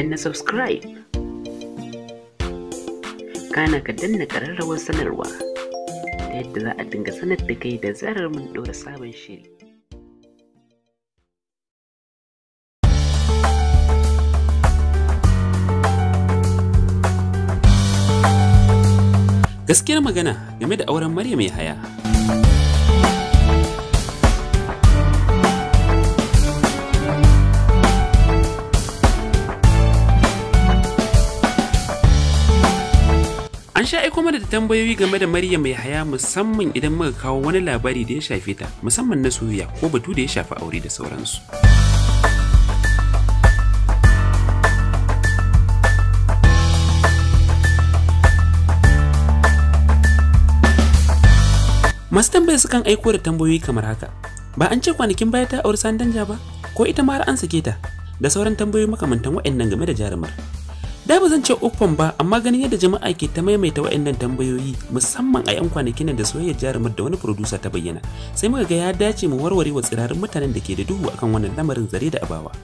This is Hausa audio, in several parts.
danna subscribe kana ka danna ƙararrawar sanarwa ta yadda za a dinga sanar da kai da zarar mun ɗora sabon shiri gaskiyar magana game da auren maryam ya haya An sha aiko mana da tambayoyi game da Mariya mai haya musamman idan muka kawo wani labari da ya shafe ta musamman na soyayya ko batu da ya shafi aure da sauransu. Masu tambaya sukan aiko da tambayoyi kamar haka. Ba an ce kwanakin baya ta auri sandanja ba? Ko ita ma har an sake ta? Da sauran tambayoyi makamantan waɗannan game da jarumar. da ba zan ce ukun ba amma ganin yadda jama'a ke ta maimaita waɗannan tambayoyi musamman a 'yan kwanakin da soyayyar jarumar da wani producer ta bayyana sai muka ga ya dace mu warware wa tsirarin mutanen da ke da duhu akan wannan lamarin zare da abawa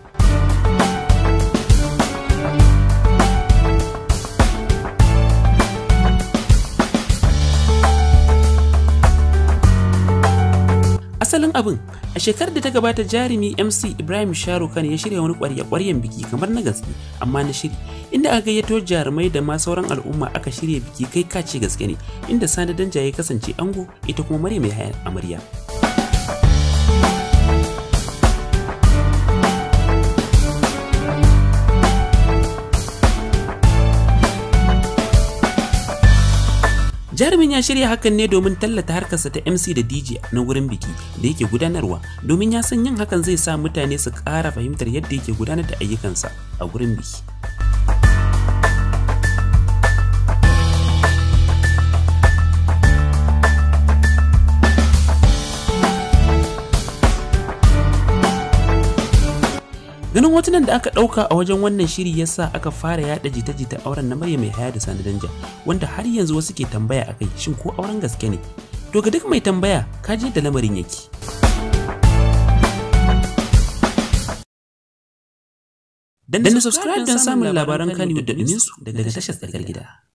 Asalin abin, a shekarar da ta gabata jarumi MC Ibrahim kan ya shirya wani ƙwarya kwaryan biki kamar na gaske, amma na shiri, inda aka gayyato jarumai da ma sauran al'umma aka shirya biki kai kace gaske ne, inda Sani Danja ya kasance ango ita kuma mai hayar amarya. jarumin ya shirya hakan ne domin tallata harkarsa ta mc da dj na wurin biki da yake gudanarwa domin ya san yin hakan zai sa mutane su ƙara fahimtar yadda yake gudanar da ayyukansa a wurin biki Ganin hotunan da aka ɗauka a wajen wannan shiri ya sa aka fara yaɗa jita-jita auren na Maryam mai haya da Sani Danja, wanda har yanzu wasu ke tambaya a kai shin ko auren gaske ne? To ga duk mai tambaya, ka je da lamarin yake. Dan subscribe don samun labaran kaniyu da su daga tashar tsakar gida.